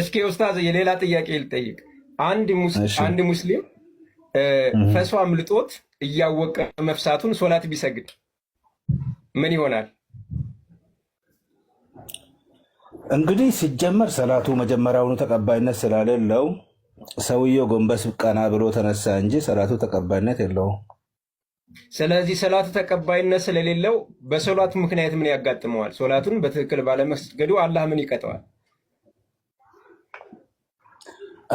እስኪ ኡስታዝ የሌላ ጥያቄ ልጠይቅ። አንድ ሙስሊም ፈሶ አምልጦት እያወቀ መፍሳቱን ሶላት ቢሰግድ ምን ይሆናል? እንግዲህ ሲጀመር ሰላቱ መጀመሪያውኑ ተቀባይነት ስላሌለው ሰውየው ጎንበስ ቀና ብሎ ተነሳ እንጂ ሰላቱ ተቀባይነት የለውም። ስለዚህ ሰላቱ ተቀባይነት ስለሌለው በሰላቱ ምክንያት ምን ያጋጥመዋል? ሶላቱን በትክክል ባለመስገዱ አላህ ምን ይቀጠዋል?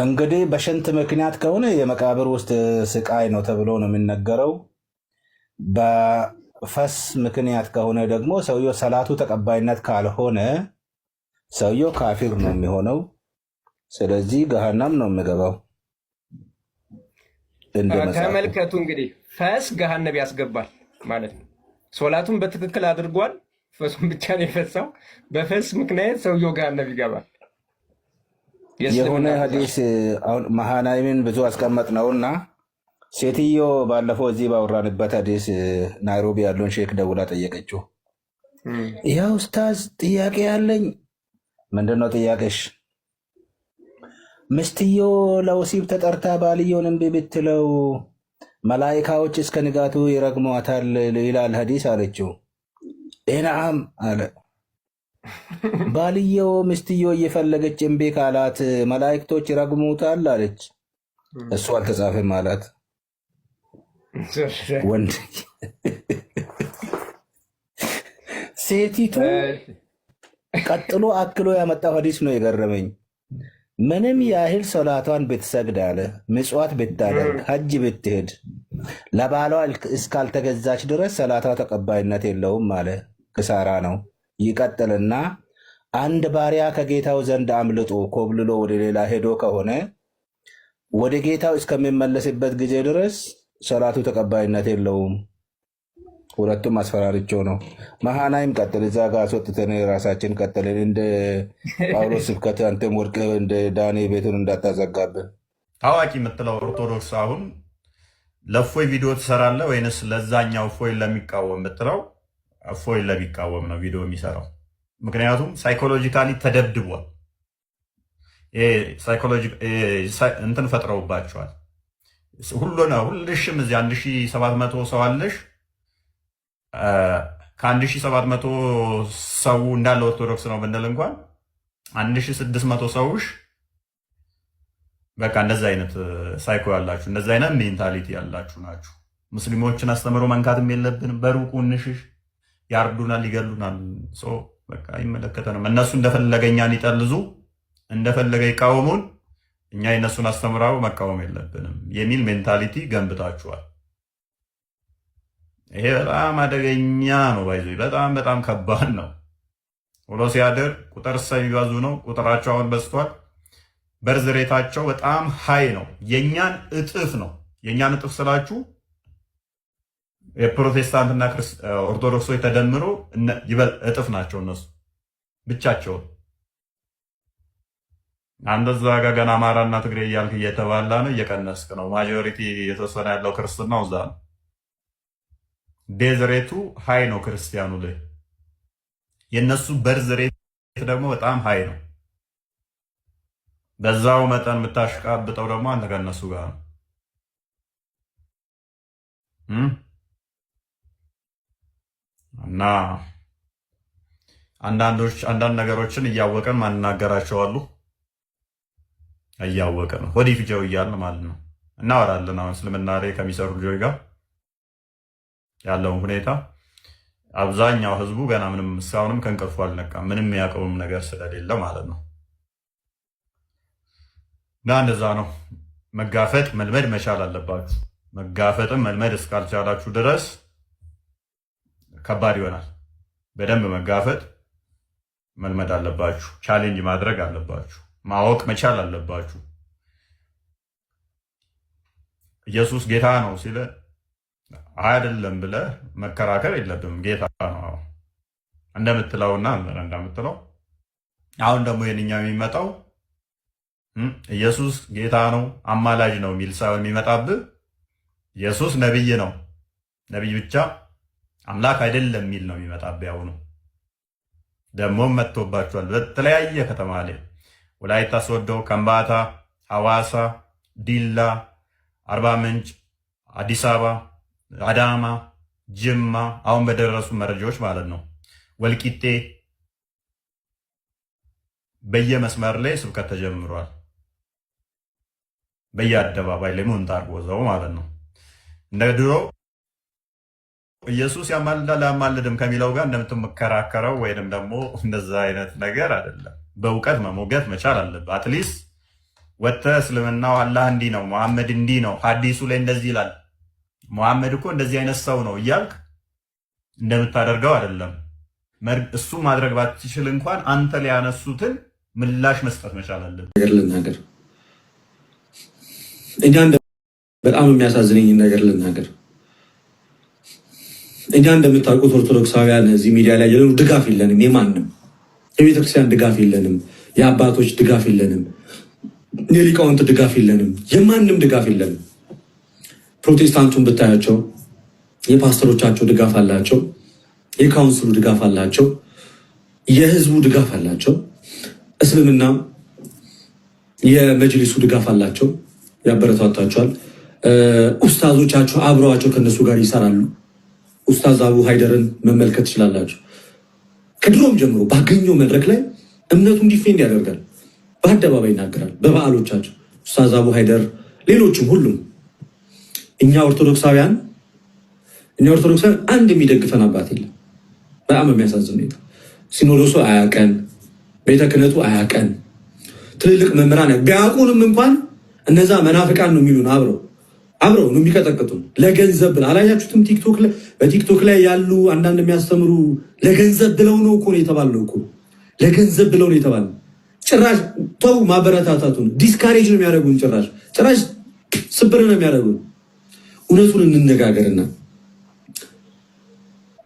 እንግዲህ በሽንት ምክንያት ከሆነ የመቃብር ውስጥ ስቃይ ነው ተብሎ ነው የሚነገረው። በፈስ ምክንያት ከሆነ ደግሞ ሰውየው ሰላቱ ተቀባይነት ካልሆነ ሰውየው ካፊር ነው የሚሆነው። ስለዚህ ገሃናም ነው የሚገባው። ተመልከቱ እንግዲህ ፈስ ገሃነብ ያስገባል ማለት ነው። ሶላቱን በትክክል አድርጓል። ፈሱን ብቻ ነው የፈሳው። በፈስ ምክንያት ሰውየው ገሃነብ ይገባል። የሆነ ሀዲስ መሃናይምን ብዙ አስቀመጥ ነውና ሴትዮ ባለፈው እዚህ ባወራንበት ሀዲስ ናይሮቢ ያለውን ሼክ ደውላ ጠየቀችው። ያ hmm. ኡስታዝ ጥያቄ ያለኝ ምንድን ነው ጥያቄሽ? ምስትዮ ለወሲብ ተጠርታ ባልየውን እምቢ ብትለው መላይካዎች እስከ ንጋቱ ይረግሟታል ይላል ሀዲስ አለችው። ኤናም? አለ ባልየው ምስትዮ እየፈለገች እምቢ ካላት መላእክቶች ይረግሙታል አለች። እሱ አልተጻፈም አላት። ወንድ ሴቲቱ ቀጥሎ አክሎ ያመጣው ሀዲስ ነው የገረመኝ። ምንም ያህል ሰላቷን ብትሰግድ አለ ምጽዋት ብታደርግ ሀጅ ብትሄድ ለባሏ እስካልተገዛች ድረስ ሰላቷ ተቀባይነት የለውም አለ። ክሳራ ነው። ይቀጥልና አንድ ባሪያ ከጌታው ዘንድ አምልጦ ኮብልሎ ወደ ሌላ ሄዶ ከሆነ ወደ ጌታው እስከሚመለስበት ጊዜ ድረስ ሰላቱ ተቀባይነት የለውም። ሁለቱም አስፈራሪቸው ነው። መሃናይም ቀጥል፣ እዛ ጋር አስወጥተን ራሳችን ቀጥልን። እንደ ጳውሎስ ስብከት አንተም ወድቅ እንደ ዳኔ ቤቱን እንዳታዘጋብን። ታዋቂ የምትለው ኦርቶዶክስ አሁን ለእፎይ ቪዲዮ ትሰራለህ ወይንስ ለዛኛው እፎይ ለሚቃወም የምትለው እፎይን ለሚቃወም ነው ቪዲዮ የሚሰራው። ምክንያቱም ሳይኮሎጂካሊ ተደብድቧል። እንትን ፈጥረውባቸዋል። ሁሉን ሁልሽም እዚህ 1700 ሰው አለሽ። ከ1700 ሰው እንዳለ ኦርቶዶክስ ነው ብንል እንኳን 1600 ሰውሽ በቃ እንደዚህ አይነት ሳይኮ ያላችሁ እንደዚ አይነት ሜንታሊቲ ያላችሁ ናችሁ። ሙስሊሞችን አስተምሮ መንካትም የለብንም በሩቁ እንሽሽ ያርዱናል፣ ይገሉናል። በቃ አይመለከተንም። እነሱ እንደፈለገ እኛን ይጠልዙ፣ እንደፈለገ ይቃወሙን፣ እኛ የእነሱን አስተምራው መቃወም የለብንም የሚል ሜንታሊቲ ገንብታችኋል። ይሄ በጣም አደገኛ ነው። ባይዞ በጣም በጣም ከባድ ነው። ውሎ ሲያድር ቁጥር ሰሚባዙ ነው። ቁጥራቸው አሁን በዝቷል። በርዝሬታቸው በጣም ሀይ ነው። የእኛን እጥፍ ነው። የእኛን እጥፍ ስላችሁ የፕሮቴስታንትና ኦርቶዶክሶች ተደምሮ እጥፍ ናቸው። እነሱ ብቻቸውን አንተ እዛ ጋር ገና አማራና ትግሬ እያልክ እየተባላ ነው፣ እየቀነስክ ነው። ማጆሪቲ የተወሰነ ያለው ክርስትናው እዛ ነው። ዴዝሬቱ ሀይ ነው ክርስቲያኑ ላይ የእነሱ በርዝሬት ደግሞ በጣም ሀይ ነው። በዛው መጠን የምታሽቃብጠው ደግሞ አንተ ከነሱ ጋር ነው። እና አንዳንዶች አንዳንድ ነገሮችን እያወቀን ማንናገራቸው አሉ። እያወቀ ነው ወዲህ ፍጀው እያልን ማለት ነው። እናወራለን አሁን እስልምና ላይ ከሚሰሩ ልጆች ጋር ያለውን ሁኔታ አብዛኛው ህዝቡ ገና ምንም እስካሁንም ከእንቅልፉ አልነቃም፣ ምንም ያቀውም ነገር ስለሌለ ማለት ነው። እና እንደዛ ነው። መጋፈጥ መልመድ መቻል አለባችሁ። መጋፈጥም መልመድ እስካልቻላችሁ ድረስ ከባድ ይሆናል። በደንብ መጋፈጥ መልመድ አለባችሁ። ቻሌንጅ ማድረግ አለባችሁ። ማወቅ መቻል አለባችሁ። ኢየሱስ ጌታ ነው ሲለ አይደለም ብለህ መከራከር የለብም። ጌታ ነው እንደምትለውና እንደምትለው አሁን ደግሞ የኛ የሚመጣው ኢየሱስ ጌታ ነው አማላጅ ነው የሚል ሳይሆን የሚመጣብህ ኢየሱስ ነቢይ ነው። ነቢይ ብቻ አምላክ አይደለም የሚል ነው የሚመጣብህ። ያው ነው ደግሞም መጥቶባቸዋል። በተለያየ ከተማ ላይ ወላይታ ሶዶ፣ ከምባታ፣ ሐዋሳ፣ ዲላ፣ አርባ ምንጭ፣ አዲስ አበባ፣ አዳማ፣ ጅማ አሁን በደረሱ መረጃዎች ማለት ነው ወልቂጤ በየመስመር ላይ ስብከት ተጀምሯል። በየአደባባይ ላይ ሞንታርጎ ዘው ማለት ነው እንደ ኢየሱስ ያማልዳል አያማልድም ከሚለው ጋር እንደምትመከራከረው ወይንም ደግሞ እንደዛ አይነት ነገር አይደለም። በእውቀት መሞገት መቻል አለብህ። አትሊስት ወጥተህ እስልምናው አላህ እንዲህ ነው፣ መሐመድ እንዲህ ነው፣ ሀዲሱ ላይ እንደዚህ ይላል፣ መሐመድ እኮ እንደዚህ አይነት ሰው ነው እያልክ እንደምታደርገው አይደለም። እሱ ማድረግ ባትችል እንኳን አንተ ላይ ያነሱትን ምላሽ መስጠት መቻል አለብህ። ነገር ልናገር፣ በጣም የሚያሳዝነኝ ነገር ልናገር እኛ እንደምታውቁት ኦርቶዶክሳውያን እዚህ ሚዲያ ላይ ያለ ድጋፍ የለንም። የማንም የቤተክርስቲያን ድጋፍ የለንም። የአባቶች ድጋፍ የለንም። የሊቃውንት ድጋፍ የለንም። የማንም ድጋፍ የለንም። ፕሮቴስታንቱን ብታያቸው የፓስተሮቻቸው ድጋፍ አላቸው። የካውንስሉ ድጋፍ አላቸው። የህዝቡ ድጋፍ አላቸው። እስልምና የመጅሊሱ ድጋፍ አላቸው፣ ያበረታታቸዋል። ኡስታዞቻቸው አብረዋቸው ከእነሱ ጋር ይሰራሉ። ኡስታዝ አቡ ሃይደርን መመልከት ትችላላችሁ። ከድሮም ጀምሮ ባገኘው መድረክ ላይ እምነቱን ዲፌንድ ያደርጋል፣ በአደባባይ ይናገራል። በበዓሎቻቸው ኡስታዝ አቡ ሃይደር፣ ሌሎችም ሁሉም እኛ ኦርቶዶክሳውያን እኛ ኦርቶዶክሳውያን አንድ የሚደግፈን አባት የለም። በጣም የሚያሳዝን ሁኔታ ሲኖዶሱ አያቀን፣ ቤተ ክህነቱ አያቀን፣ ትልልቅ መምህራን ቢያውቁንም እንኳን እነዛ መናፍቃን ነው የሚሉን አብረው አብረው ነው የሚቀጠቅጡ ለገንዘብ ብለው አላያችሁትም? ቲክቶክ በቲክቶክ ላይ ያሉ አንዳንድ የሚያስተምሩ ለገንዘብ ብለው ነው እኮ ነው የተባለው እኮ ለገንዘብ ብለው ነው የተባለ። ጭራሽ ተው ማበረታታቱን ዲስካሬጅ ነው የሚያደርጉን። ጭራሽ ጭራሽ ስብር ነው የሚያደርጉን። እውነቱን እንነጋገርና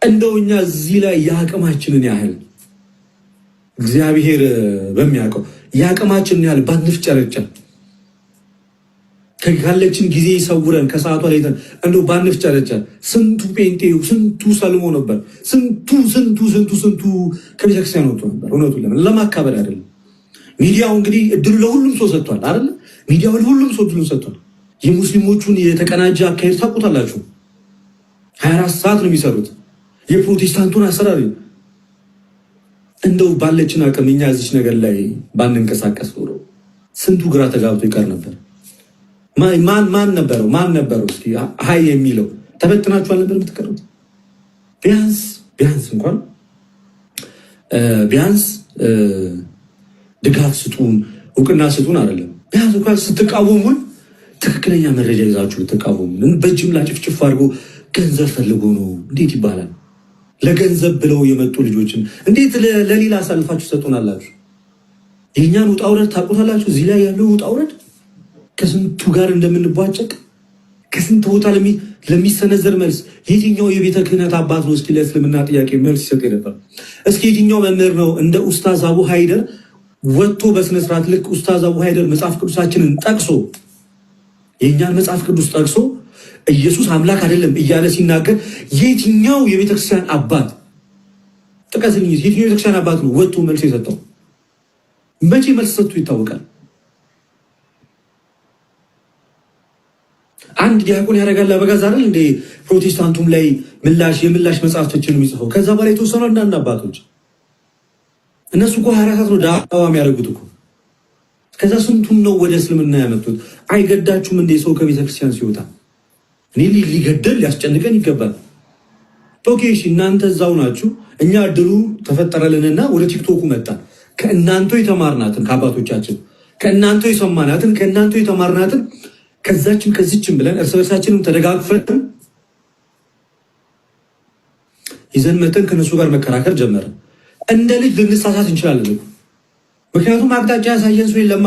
እንደው እኛ እዚህ ላይ የአቅማችንን ያህል እግዚአብሔር በሚያውቀው የአቅማችንን ያህል ባንፍጨረጨር ካለችን ጊዜ ይሰውረን። ከሰዓቷ ላይ ባንፍ ባንፍጨረጨር። ስንቱ ጴንጤው ስንቱ ሰልሞ ነበር። ስንቱ ስንቱ ስንቱ ስንቱ ከቤተክርስቲያን ወጥቶ ነበር። እውነቱ ለምን ለማካበድ አይደለም። ሚዲያው እንግዲህ እድሉ ለሁሉም ሰው ሰጥቷል አይደለ? ሚዲያው ለሁሉም ሰው እድሉን ሰጥቷል። የሙስሊሞቹን የተቀናጀ አካሄድ ታውቁታላችሁ። ሀያ አራት ሰዓት ነው የሚሰሩት። የፕሮቴስታንቱን አሰራሪ እንደው ባለችን አቅም እኛ እዚች ነገር ላይ ባንንቀሳቀስ ኖሮ ስንቱ ግራ ተጋብቶ ይቀር ነበር። ማን ማን ነበረው ማን ነበረው እስኪ ሀይ የሚለው ተበትናችሁ አልነበር የምትቀሩት ቢያንስ ቢያንስ እንኳን ቢያንስ ድጋፍ ስጡን እውቅና ስጡን አይደለም ቢያንስ እንኳን ስትቃወሙን ትክክለኛ መረጃ ይዛችሁ ብትቃወሙን በጅምላ ጭፍጭፍ አድርጎ ገንዘብ ፈልጎ ነው እንዴት ይባላል ለገንዘብ ብለው የመጡ ልጆችን እንዴት ለሌላ አሳልፋችሁ ሰጡን አላችሁ የእኛን ውጣውረድ ታውቁታላችሁ እዚህ ላይ ያለው ውጣውረድ ከስንቱ ጋር እንደምንቧጨቅ ከስንት ቦታ ለሚሰነዘር መልስ የትኛው የቤተ ክህነት አባት ነው እስኪ ለእስልምና ጥያቄ መልስ ይሰጥ ነበር? እስኪ የትኛው መምህር ነው እንደ ኡስታዝ አቡ ሀይደር ወጥቶ በስነስርዓት ልክ ኡስታዝ አቡ ሀይደር መጽሐፍ ቅዱሳችንን ጠቅሶ የእኛን መጽሐፍ ቅዱስ ጠቅሶ ኢየሱስ አምላክ አይደለም እያለ ሲናገር የትኛው የቤተክርስቲያን አባት ጥቀስልኝ፣ የትኛው የቤተክርስቲያን አባት ነው ወጥቶ መልስ የሰጠው? መቼ መልስ ሰጥቶ ይታወቃል? አንድ ዲያቆን ያደርጋል አበጋዝ አይደል እንዴ? ፕሮቴስታንቱም ላይ ምላሽ የምላሽ መጽሐፍቶችን የሚጽፈው ከዛ በኋላ የተወሰኑ አንዳንድ አባቶች እነሱ እኮ ሀያ ነው ዳዋ የሚያደርጉት እኮ ከዛ ስንቱን ነው ወደ እስልምና ያመጡት። አይገዳችሁም እንዴ ሰው ከቤተ ክርስቲያን ሲወጣ? እኔ ሊገደል ሊያስጨንቀን ይገባል። ኦኬ እናንተ እዛው ናችሁ። እኛ እድሉ ተፈጠረልንና ወደ ቲክቶኩ መጣ። ከእናንተ የተማርናትን ከአባቶቻችን ከእናንተ የሰማናትን ከእናንተ የተማርናትን ከዛችም ከዚችም ብለን እርስ በርሳችንም ተደጋግፈን ይዘን መጠን ከነሱ ጋር መከራከር ጀመረ። እንደ ልጅ ልንሳሳት እንችላለን። ምክንያቱም አቅጣጫ ያሳየን ሰው የለማ።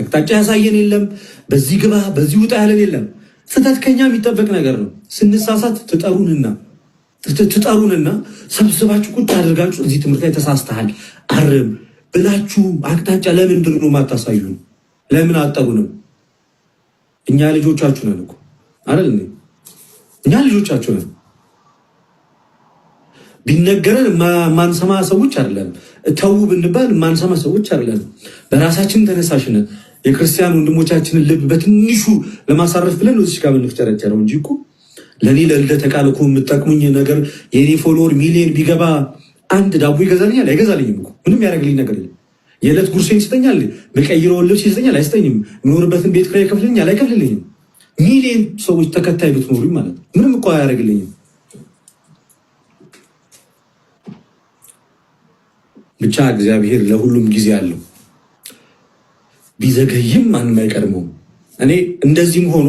አቅጣጫ ያሳየን የለም። በዚህ ግባ በዚህ ውጣ ያለን የለም። ስህተት ከኛ የሚጠበቅ ነገር ነው። ስንሳሳት ትጠሩንና ትጠሩንና ሰብስባችሁ ቁጭ አድርጋችሁ እዚህ ትምህርት ላይ ተሳስተሃል አርም ብላችሁ አቅጣጫ ለምንድን ነው ማታሳዩን? ለምን አጠሩንም? እኛ ልጆቻችሁ ነን እኮ አይደል? እኛ ልጆቻችሁ ነን። ቢነገረን ማንሰማ ሰዎች አይደለንም። ተዉ ብንባል ማንሰማ ሰዎች አይደለንም። በራሳችን ተነሳሽነት የክርስቲያን ወንድሞቻችንን ልብ በትንሹ ለማሳረፍ ብለን እዚህ ጋር ምንፍጨረጨረው እንጂ እኮ ለእኔ ለልደተ ቃል እኮ የምጠቅሙኝ ነገር የኔ ፎሎወር ሚሊየን ቢገባ አንድ ዳቦ ይገዛልኛል? አይገዛልኝም እኮ ምንም ያደረግልኝ ነገር የለም። የዕለት ጉርሴን ይሰጠኛል? መቀይረውን ልብስ ይሰጠኛል? አይሰጠኝም? የምኖርበትን ቤት ክራይ ይከፍልልኛል? አይከፍልልኝም? ሚሊዮን ሰዎች ተከታይ ብትኖሩኝ ማለት ነው ምንም እኮ አያደርግልኝም። ብቻ እግዚአብሔር ለሁሉም ጊዜ አለው። ቢዘገይም ማንም አይቀድመውም። እኔ እንደዚህም ሆኖ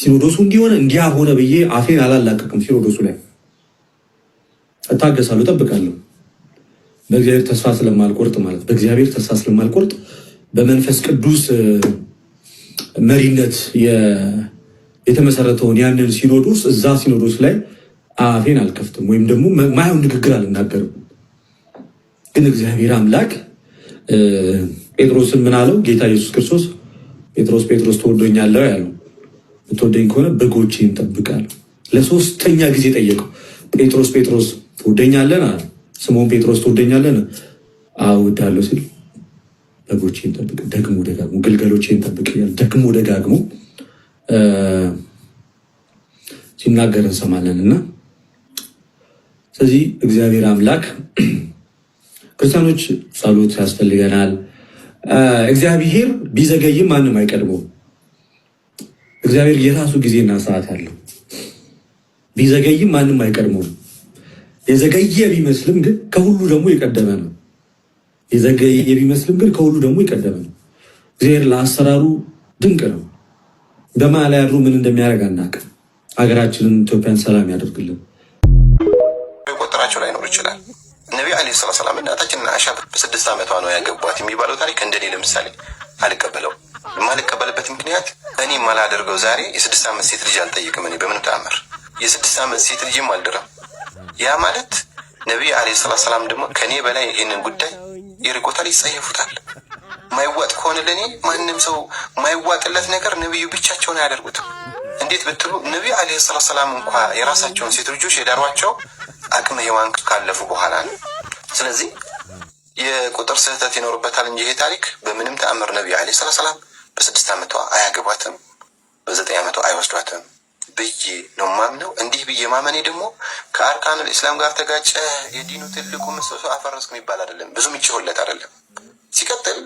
ሲኖዶሱ እንዲሆነ እንዲያ ሆነ ብዬ አፌን አላላቀቅም። ሲኖዶሱ ላይ እታገሳለሁ፣ እጠብቃለሁ። በእግዚአብሔር ተስፋ ስለማልቆርጥ ማለት በእግዚአብሔር ተስፋ ስለማልቆርጥ በመንፈስ ቅዱስ መሪነት የተመሰረተውን ያንን ሲኖዶስ እዛ ሲኖዶስ ላይ አፌን አልከፍትም ወይም ደግሞ ማየውን ንግግር አልናገርም። ግን እግዚአብሔር አምላክ ጴጥሮስን ምን አለው? ጌታ ኢየሱስ ክርስቶስ ጴጥሮስ ጴጥሮስ ትወደኛለህ ያለው ብትወደኝ ከሆነ በጎቼን ጠብቃለሁ። ለሶስተኛ ጊዜ ጠየቀው። ጴጥሮስ ጴጥሮስ ትወደኛለህ አለ። ስምዖን ጴጥሮስ ትወደኛለህን? አዎ ሲል በጎቼን ጠብቅ፣ ደግሞ ደጋግሞ ግልገሎቼን ጠብቅ እያለ ደግሞ ደጋግሞ ሲናገር እንሰማለን እና ስለዚህ እግዚአብሔር አምላክ ክርስቲያኖች ጸሎት ያስፈልገናል። እግዚአብሔር ቢዘገይም ማንም አይቀድመውም። እግዚአብሔር የራሱ ጊዜና ሰዓት አለው። ቢዘገይም ማንም አይቀድመውም። የዘገየ ቢመስልም ግን ከሁሉ ደግሞ የቀደመ ነው። የዘገየ ቢመስልም ግን ከሁሉ ደግሞ የቀደመ ነው። እግዚአብሔር ለአሰራሩ ድንቅ ነው። በመሃል ያሉ ምን እንደሚያደርግ አናውቅም። ሀገራችንን ኢትዮጵያን ሰላም ያደርግልን። ቆጠራቸው ኖር ይችላል። ነቢ አለ ስላ ሰላም እናታችን አኢሻ በስድስት ዓመቷ ነው ያገቧት የሚባለው ታሪክ እንደኔ ለምሳሌ አልቀበለው። የማልቀበልበት ምክንያት እኔ ማላደርገው ዛሬ የስድስት ዓመት ሴት ልጅ አልጠይቅም። እኔ በምን ተአምር የስድስት ዓመት ሴት ልጅም አልድረም ያ ማለት ነቢይ አለ ሰላ ሰላም ደግሞ ከኔ በላይ ይህንን ጉዳይ ይርቆታል፣ ይጸየፉታል። ማይዋጥ ከሆነ ለእኔ ማንም ሰው ማይዋጥለት ነገር ነቢዩ ብቻቸውን አያደርጉትም። እንዴት ብትሉ ነቢዩ አለ ሰላ ሰላም እንኳ የራሳቸውን ሴት ልጆች የዳሯቸው አቅመ ሔዋን ካለፉ በኋላ ነው። ስለዚህ የቁጥር ስህተት ይኖርበታል እንጂ ይሄ ታሪክ በምንም ተአምር ነቢዩ አለ ሰላት ሰላም በስድስት ዓመቷ አያገቧትም፣ በዘጠኝ ዓመቷ አይወስዷትም። ብዬ ነው ማምነው። እንዲህ ብዬ ማመኔ ደግሞ ከአርካን ኢስላም ጋር ተጋጨ፣ የዲኑ ትልቁ ምሰሶ አፈረስክ የሚባል አይደለም። ብዙም ይችሁለት አይደለም። ሲቀጥል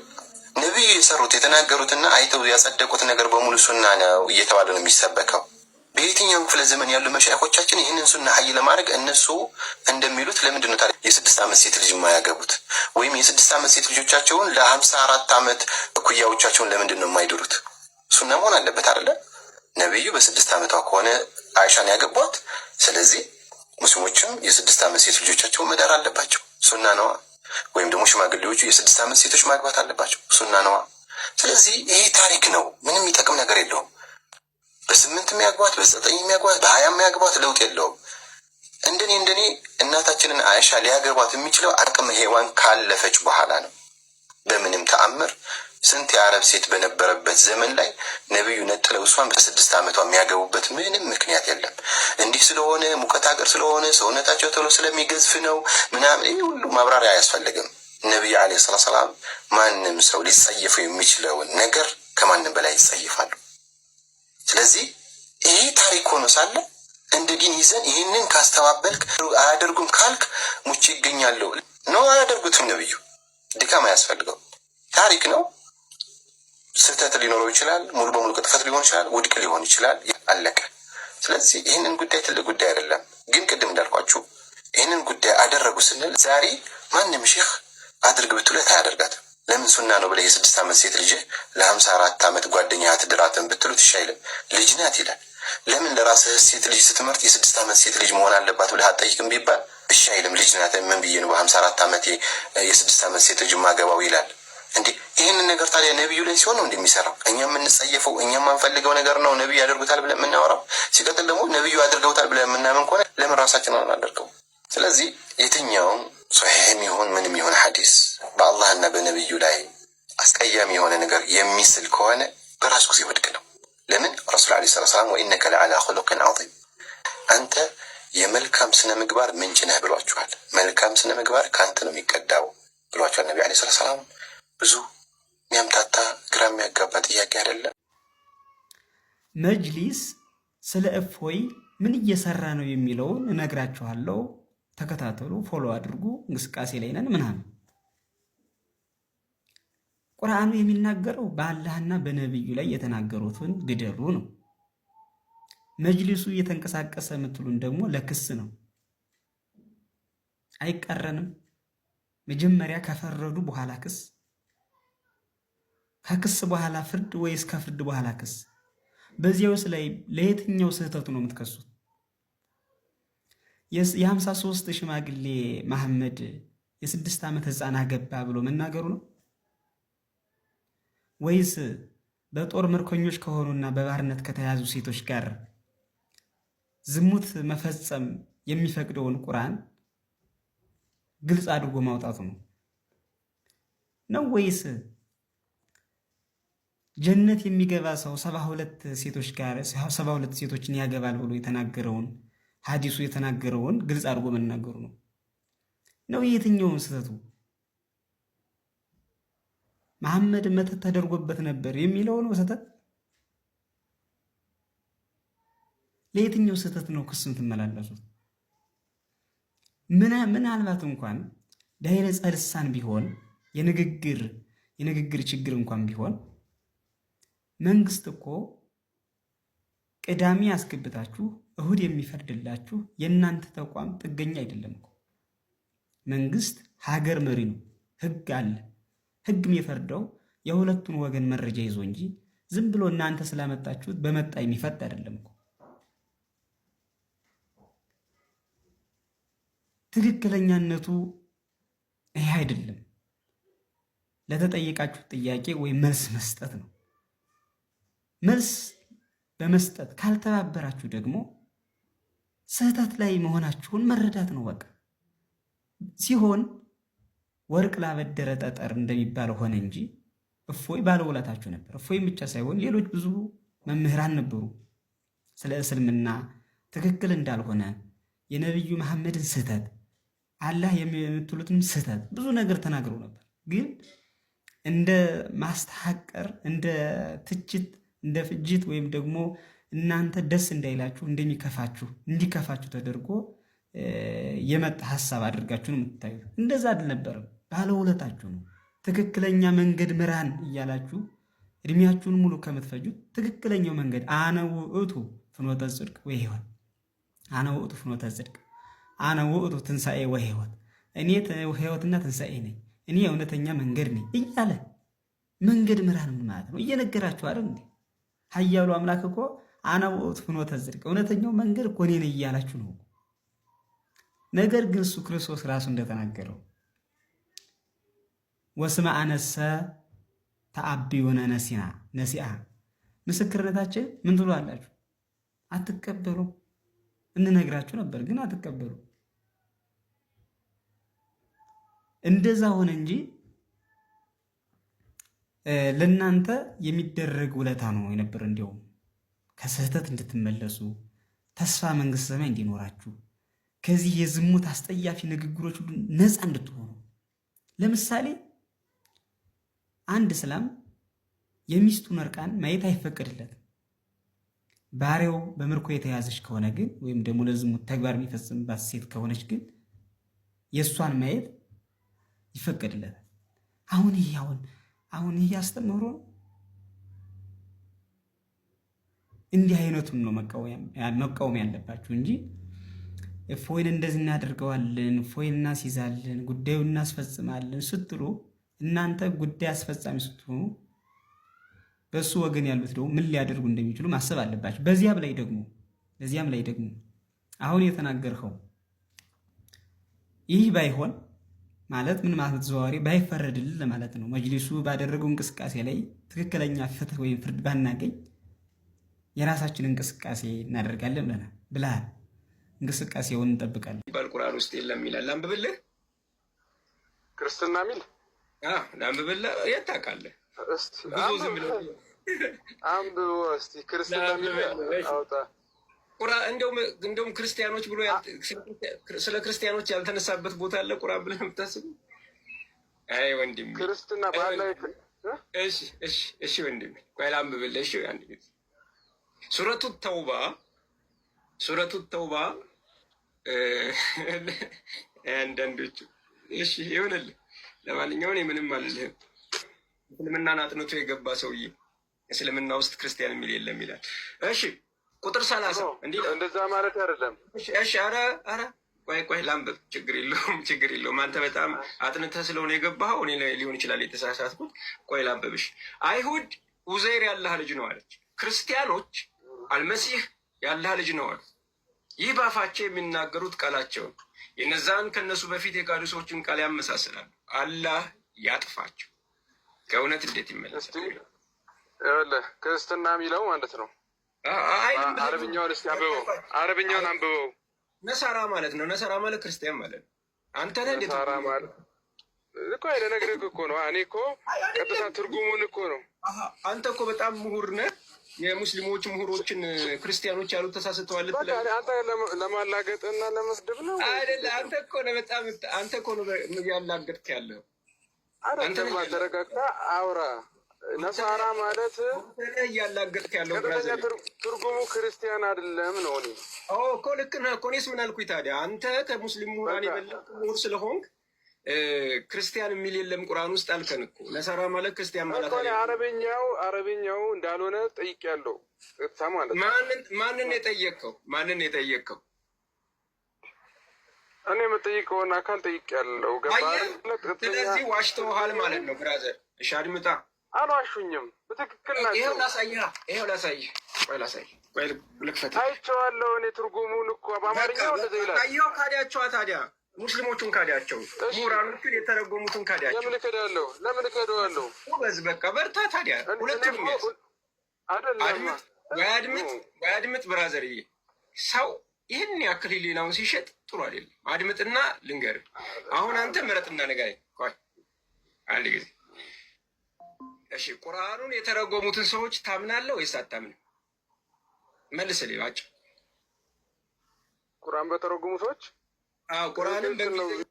ነቢዩ የሰሩት የተናገሩትና አይተው ያጸደቁት ነገር በሙሉ ሱና ነው እየተባለ ነው የሚሰበከው። በየትኛውም ክፍለ ዘመን ያሉ መሻይኮቻችን ይህንን ሱና ሀይ ለማድረግ እነሱ እንደሚሉት ለምንድን ነው የስድስት ዓመት ሴት ልጅ የማያገቡት ወይም የስድስት ዓመት ሴት ልጆቻቸውን ለሀምሳ አራት አመት እኩያዎቻቸውን ለምንድን ነው የማይድሩት? ሱና መሆን አለበት አይደለ? ነቢዩ በስድስት ዓመቷ ከሆነ አይሻን ያገቧት። ስለዚህ ሙስሊሞችም የስድስት ዓመት ሴት ልጆቻቸው መዳር አለባቸው፣ ሱና ነዋ። ወይም ደግሞ ሽማግሌዎቹ የስድስት ዓመት ሴቶች ማግባት አለባቸው፣ ሱና ነዋ። ስለዚህ ይሄ ታሪክ ነው፣ ምንም የሚጠቅም ነገር የለውም። በስምንት የሚያግባት በዘጠኝ የሚያግባት በሀያ የሚያግባት ለውጥ የለውም። እንደኔ እንደኔ እናታችንን አይሻ ሊያገባት የሚችለው አቅመ ሔዋን ካለፈች በኋላ ነው። በምንም ተአምር ስንት የአረብ ሴት በነበረበት ዘመን ላይ ነቢዩ ነጥለው እሷን በስድስት ዓመቷ የሚያገቡበት ምንም ምክንያት የለም። እንዲህ ስለሆነ ሙቀት ሀገር ስለሆነ ሰውነታቸው ቶሎ ስለሚገዝፍ ነው ምናምን፣ ይህ ሁሉ ማብራሪያ አያስፈልግም። ነቢዩ ዓለይሂ ሰላቱ ሰላም ማንም ሰው ሊጸየፉ የሚችለውን ነገር ከማንም በላይ ይጸይፋሉ። ስለዚህ ይሄ ታሪክ ሆኖ ሳለ እንደ ዲን ይዘን ይህንን ካስተባበልክ አያደርጉም ካልክ ሙቼ ይገኛለሁ ነው። አያደርጉትም። ነብዩ ድካም አያስፈልገው ታሪክ ነው። ስህተት ሊኖረው ይችላል። ሙሉ በሙሉ ቅጥፈት ሊሆን ይችላል። ውድቅ ሊሆን ይችላል። አለቀ። ስለዚህ ይህንን ጉዳይ ትልቅ ጉዳይ አይደለም። ግን ቅድም እንዳልኳችሁ ይህንን ጉዳይ አደረጉ ስንል ዛሬ ማንም ሼህ አድርግ ብትለት አያደርጋትም። ለምን ሱና ነው ብለህ የስድስት ዓመት ሴት ልጅ ለሀምሳ አራት ዓመት ጓደኛ ትድራትን ብትሉት ይሻይልም ልጅ ናት ይላል። ለምን ለራስህ ሴት ልጅ ስትመርጥ የስድስት ዓመት ሴት ልጅ መሆን አለባት ብለህ አትጠይቅም ቢባል እሻይልም ልጅ ናት። ምን ብዬ ነው በሀምሳ አራት ዓመቴ የስድስት ዓመት ሴት ልጅ ማገባው ይላል። እንዴ ይህንን ነገር ታዲያ ነቢዩ ላይ ሲሆን ነው እንደሚሰራው እኛ የምንጸየፈው እኛ የማንፈልገው ነገር ነው ነቢዩ ያደርጉታል ብለን የምናወራው። ሲቀጥል ደግሞ ነቢዩ አድርገውታል ብለን የምናምን ከሆነ ለምን ራሳችን አናደርገው? ስለዚህ የትኛውም ሶሒሕም ይሁን ምንም ይሁን ሐዲስ በአላህና በነቢዩ ላይ አስቀያሚ የሆነ ነገር የሚስል ከሆነ በራሱ ጊዜ ወድቅ ነው። ለምን ረሱል ዓለይሂ ሰላቱ ወሰላም ወኢነከ ለዓላ ኹሉቅን ዐዚም አንተ የመልካም ስነ ምግባር ምንጭ ነህ ብሏችኋል። መልካም ስነ ምግባር ከአንተ ነው የሚቀዳው ብሏችኋል ነቢ ዓለይሂ ሰላቱ ወሰላም ብዙ የሚያምታታ ግራ የሚያጋባ ጥያቄ አይደለም። መጅሊስ ስለ እፎይ ምን እየሰራ ነው የሚለውን እነግራችኋለሁ። ተከታተሉ፣ ፎሎ አድርጉ። እንቅስቃሴ ላይ ነን ምናምን። ቁርአኑ የሚናገረው በአላህና በነቢዩ ላይ የተናገሩትን ግደሉ ነው። መጅሊሱ እየተንቀሳቀሰ የምትሉን ደግሞ ለክስ ነው። አይቀረንም መጀመሪያ ከፈረዱ በኋላ ክስ ከክስ በኋላ ፍርድ ወይስ ከፍርድ በኋላ ክስ? በዚያውስ ላይ ለየትኛው ስህተቱ ነው የምትከሱት? የሀምሳ ሶስት ሽማግሌ መሐመድ የስድስት ዓመት ህፃና አገባ ብሎ መናገሩ ነው ወይስ በጦር ምርኮኞች ከሆኑና በባርነት ከተያዙ ሴቶች ጋር ዝሙት መፈጸም የሚፈቅደውን ቁርአን ግልጽ አድርጎ ማውጣቱ ነው ነው ወይስ ጀነት የሚገባ ሰው ሰባ ሁለት ሴቶች ጋር ሰባ ሁለት ሴቶችን ያገባል ብሎ የተናገረውን ሀዲሱ የተናገረውን ግልጽ አድርጎ መናገሩ ነው ነው የትኛውን ስህተቱ መሐመድ መተት ተደርጎበት ነበር የሚለው ነው ስህተት? ለየትኛው ስህተት ነው ክስ የምትመላለሱት? ምናልባት እንኳን ዳይረ ጸልሳን ቢሆን የንግግር የንግግር ችግር እንኳን ቢሆን መንግስት እኮ ቅዳሜ ያስገብታችሁ እሁድ የሚፈርድላችሁ የእናንተ ተቋም ጥገኛ አይደለም እኮ። መንግስት ሀገር መሪ ነው፣ ህግ አለ። ህግ የሚፈርደው የሁለቱን ወገን መረጃ ይዞ እንጂ ዝም ብሎ እናንተ ስላመጣችሁት በመጣ የሚፈርድ አይደለም እኮ። ትክክለኛነቱ ይህ አይደለም። ለተጠየቃችሁት ጥያቄ ወይም መልስ መስጠት ነው። መልስ በመስጠት ካልተባበራችሁ ደግሞ ስህተት ላይ መሆናችሁን መረዳት ነው። በቃ ሲሆን ወርቅ ላበደረ ጠጠር እንደሚባለው ሆነ እንጂ እፎይ ባለውለታችሁ ነበር። እፎይም ብቻ ሳይሆን ሌሎች ብዙ መምህራን ነበሩ ስለ እስልምና ትክክል እንዳልሆነ የነቢዩ መሐመድን ስህተት አላህ የምትሉትም ስህተት ብዙ ነገር ተናግረው ነበር። ግን እንደ ማስተሐቀር እንደ ትችት እንደ ፍጅት ወይም ደግሞ እናንተ ደስ እንዳይላችሁ እንደሚከፋችሁ እንዲከፋችሁ ተደርጎ የመጣ ሀሳብ አድርጋችሁ ነው የምትታዩት። እንደዛ አልነበረም። ባለውለታችሁ ነው። ትክክለኛ መንገድ ምራን እያላችሁ እድሜያችሁን ሙሉ ከምትፈጁት ትክክለኛው መንገድ አነ ውእቱ ፍኖተ ጽድቅ ወሕይወት፣ አነ ውእቱ ፍኖተ ጽድቅ፣ አነ ውእቱ ትንሣኤ ወሕይወት፣ እኔ ሕይወትና ትንሣኤ ነኝ፣ እኔ እውነተኛ መንገድ ነኝ እያለ መንገድ ምራን ማለት ነው እየነገራችሁ አይደል እንዴ? ኃያሉ አምላክ እኮ አነ ውእቱ ፍኖተ ጽድቅ እውነተኛው መንገድ እኮ እኔ ነኝ እያላችሁ ነው። ነገር ግን እሱ ክርስቶስ ራሱ እንደተናገረው ወስመ አነሰ ተአብዮነ ነሲና ነሲአ ምስክርነታችን ምን ትሉ አላችሁ? አትቀበሉ። እንነግራችሁ ነበር ግን አትቀበሉ። እንደዛ ሆነ እንጂ ለእናንተ የሚደረግ ውለታ ነው የነበረ። እንዲያውም ከስህተት እንድትመለሱ ተስፋ መንግስት ሰማይ እንዲኖራችሁ ከዚህ የዝሙት አስጠያፊ ንግግሮች ሁሉ ነፃ እንድትሆኑ። ለምሳሌ አንድ እስላም የሚስቱን እርቃን ማየት አይፈቀድለትም። ባሪያው በምርኮ የተያዘች ከሆነ ግን ወይም ደግሞ ለዝሙት ተግባር የሚፈጽምባት ሴት ከሆነች ግን የእሷን ማየት ይፈቀድለታል። አሁን ይህ አሁን አሁን ይህ ነው። እንዲህ አይነቱም ነው መቃወም ያለባችሁ እንጂ እፎይን እንደዚህ እናደርገዋለን፣ እፎይን እናስይዛለን፣ ጉዳዩን እናስፈጽማለን ስትሉ እናንተ ጉዳይ አስፈጻሚ ስትሆኑ በእሱ ወገን ያሉት ደግሞ ምን ሊያደርጉ እንደሚችሉ ማሰብ አለባቸው። በዚያም ላይ ደግሞ በዚያም ላይ ደግሞ አሁን የተናገርኸው ይህ ባይሆን ማለት ምን ማለት ዘዋሪ ባይፈረድልን ለማለት ነው። መጅሊሱ ባደረገው እንቅስቃሴ ላይ ትክክለኛ ፍትህ ወይም ፍርድ ባናገኝ የራሳችን እንቅስቃሴ እናደርጋለን ብለናል ብለሃል። እንቅስቃሴውን እንጠብቃለን። በቁርአን ውስጥ የለም ይላል። አንብብልህ ክርስትና ሚል አንብብልህ የት ታውቃለህ? አንብብ እስኪ ክርስትና ሚል አውጣ እንደውም ክርስቲያኖች ብሎ ስለ ክርስቲያኖች ያልተነሳበት ቦታ አለ ቁርአን ብለህ የምታስቡ? አይ ወንድሜ ክርስትና ባህላዊ እሺ፣ እሺ፣ እሺ ወንድሜ ቆይ ላንብብልህ። እሺ አንድ ጊዜ ሱረቱ ተውባ ሱረቱ ተውባ አንዳንዶቹ እሺ ይሁንልህ። ለማንኛውም ምንም አልልህም። እስልምናን አጥንቶ የገባ ሰውዬ እስልምና ውስጥ ክርስቲያን የሚል የለም ይላል። እሺ ቁጥር ሰላሳ እንደዛ ማለት አይደለም። እሺ፣ ኧረ ኧረ ቆይ ቆይ ላምብ ችግር የለውም ችግር የለውም። አንተ በጣም አጥንተህ ስለሆነ የገባኸው እኔ ሊሆን ይችላል የተሳሳትኩት። ቆይ ላምብብሽ። አይሁድ ኡዘይር ያላህ ልጅ ነው አለች። ክርስቲያኖች አልመሲህ ያለህ ልጅ ነው አሉ። ይህ በአፋቸው የሚናገሩት ቃላቸውን የነዛን ከነሱ በፊት የካዱ ሰዎችን ቃል ያመሳስላሉ። አላህ ያጥፋቸው። ከእውነት እንዴት ይመለሳል? ክርስትና የሚለው ማለት ነው አረብኛውን እስኪ አንብበው። አረብኛውን አንብበው። ነሳራ ማለት ነው። ነሳራ ማለት ክርስቲያን ማለት ነው። አንተ ነህ እኮ እኮ ነው። እኔ እኮ ቀጥታ ትርጉሙን እኮ ነው። አንተ እኮ በጣም ምሁር ነህ። የሙስሊሞች ምሁሮችን ክርስቲያኖች ያሉት ተሳስተዋል። አንተ ለማላገጥ እና ለመስደብ ነው አይደለ? አንተ እኮ ነው በጣም አንተ እኮ ነው ያላገጥክ ያለው። አንተ ማደረጋካ አውራ ነሳራ ማለት እያላገጥክ ያለው ትርጉሙ ክርስቲያን አይደለም ነው እኮ። ልክ ነህ እኮ። እኔስ ምን አልኩኝ ታዲያ? አንተ ከሙስሊም ምሁራን የበለጠ ምሁር ስለሆንክ ክርስቲያን የሚል የለም ቁርአን ውስጥ አልከን እኮ። ነሳራ ማለት ክርስቲያን ማለት አረብኛው አረብኛው እንዳልሆነ ጠይቄያለሁ። ማለት ማንን የጠየቅከው? ማንን የጠየቅከው? እኔ የምጠይቀውን አካል ጠይቄያለሁ። ገባ። ስለዚህ ዋሽተውሃል ማለት ነው ብራዘር። እሺ አድምጣ አልዋሹኝም። በትክክል ናቸው። ይኸው ላሳይህ፣ ይኸው ላሳይህ፣ ቆይ ላሳይህ፣ ቆይ ልክፈት። አይቼዋለሁ እኔ ትርጉሙን እኮ በአማርኛው እንደዚህ ይላል። አየሁ። ካዲያቸዋ ታዲያ ሙስሊሞቹን ካዲያቸው፣ ምሁራኖቹን የተረጎሙትን ካዲያቸው። ለምን እከዳለሁ? ለምን እከዳለሁ? በዝ በቃ በርታ ታዲያ። ሁለቱም አይደለም ወይ አድምጥ፣ ወይ አድምጥ ብራዘርዬ። ሰው ይህን ያክል ሌላውን ሲሸጥ ጥሩ አይደለም። አድምጥና ልንገርህ። አሁን አንተ ምረጥና ንገረኝ። ቆይ አንድ ጊዜ እሺ ቁርአኑን የተረጎሙትን ሰዎች ታምናለህ ወይስ አታምንም? መልስልኝ ባጭር። ቁርአን በተረጎሙ ሰዎች አዎ፣ ቁርአንን በእንግሊዝኛ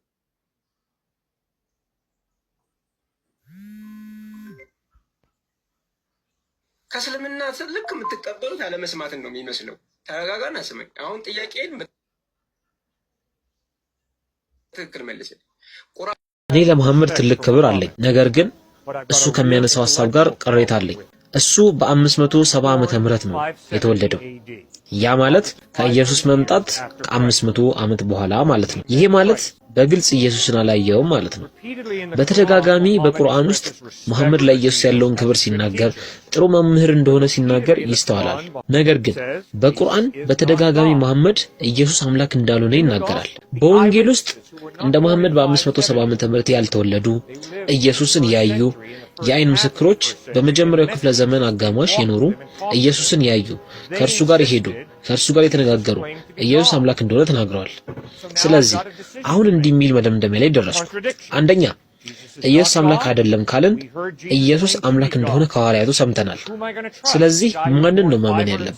ከእስልምና ልክ የምትቀበሉት አለመስማትን ነው የሚመስለው። ተረጋጋና ስመኝ። አሁን ጥያቄን ትክክል መልስልኝ። እኔ ለመሐመድ ትልቅ ክብር አለኝ፣ ነገር ግን እሱ ከሚያነሳው ሀሳብ ጋር ቅሬታ አለኝ። እሱ በ570 ዓመተ ምህረት ነው የተወለደው። ያ ማለት ከኢየሱስ መምጣት ከ500 ዓመት በኋላ ማለት ነው። ይሄ ማለት በግልጽ ኢየሱስን አላየውም ማለት ነው። በተደጋጋሚ በቁርአን ውስጥ መሐመድ ላይ ኢየሱስ ያለውን ክብር ሲናገር፣ ጥሩ መምህር እንደሆነ ሲናገር ይስተዋላል። ነገር ግን በቁርአን በተደጋጋሚ መሐመድ ኢየሱስ አምላክ እንዳልሆነ ይናገራል። በወንጌል ውስጥ እንደ መሐመድ በ570 ዓመተ ምህረት ያልተወለዱ ኢየሱስን ያዩ የአይን ምስክሮች በመጀመሪያው ክፍለ ዘመን አጋማሽ የኖሩ ኢየሱስን ያዩ፣ ከእርሱ ጋር የሄዱ፣ ከእርሱ ጋር የተነጋገሩ ኢየሱስ አምላክ እንደሆነ ተናግረዋል። ስለዚህ አሁን እንዲህ የሚል መደምደሚያ ላይ ደረስኩ። አንደኛ ኢየሱስ አምላክ አይደለም ካልን ኢየሱስ አምላክ እንደሆነ ከሐዋርያቱ ሰምተናል። ስለዚህ ማንን ነው ማመን ያለብን?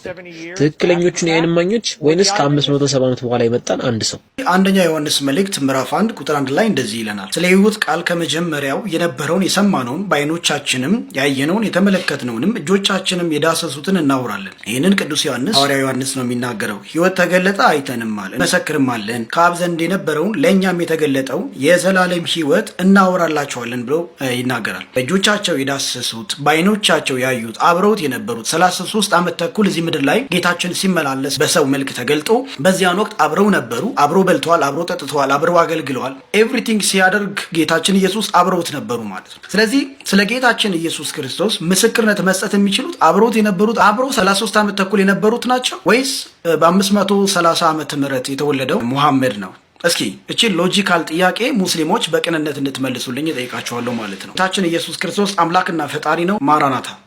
ትክክለኞቹን የዓይን እማኞች ወይንስ ከ570 ዓመት በኋላ የመጣን አንድ ሰው? አንደኛ ዮሐንስ መልእክት ምዕራፍ 1 ቁጥር 1 ላይ እንደዚህ ይለናል፣ ስለ ሕይወት ቃል ከመጀመሪያው የነበረውን የሰማነውን በዓይኖቻችንም ያየነውን የተመለከትነውንም እጆቻችንም የዳሰሱትን እናውራለን። ይህንን ቅዱስ ዮሐንስ ሐዋርያ ዮሐንስ ነው የሚናገረው። ሕይወት ተገለጠ አይተንም አለን፣ መሰክርም አለን፣ ከአብ ዘንድ የነበረውን ለእኛም የተገለጠው የዘላለም ሕይወት እናወራለን እንወዳቸዋለን ብለው ይናገራል። በእጆቻቸው የዳሰሱት በአይኖቻቸው ያዩት አብረውት የነበሩት 33 ዓመት ተኩል እዚህ ምድር ላይ ጌታችን ሲመላለስ በሰው መልክ ተገልጦ በዚያን ወቅት አብረው ነበሩ። አብረው በልተዋል፣ አብረው ጠጥተዋል፣ አብረው አገልግለዋል። ኤቭሪቲንግ ሲያደርግ ጌታችን ኢየሱስ አብረውት ነበሩ ማለት ነው። ስለዚህ ስለ ጌታችን ኢየሱስ ክርስቶስ ምስክርነት መስጠት የሚችሉት አብረውት የነበሩት አብረው 33 ዓመት ተኩል የነበሩት ናቸው ወይስ በ530 ዓመተ ምህረት የተወለደው ሙሐመድ ነው? እስኪ እቺ ሎጂካል ጥያቄ ሙስሊሞች በቅንነት እንድትመልሱልኝ እጠይቃችኋለሁ ማለት ነው። ታችን ኢየሱስ ክርስቶስ አምላክና ፈጣሪ ነው። ማራናታ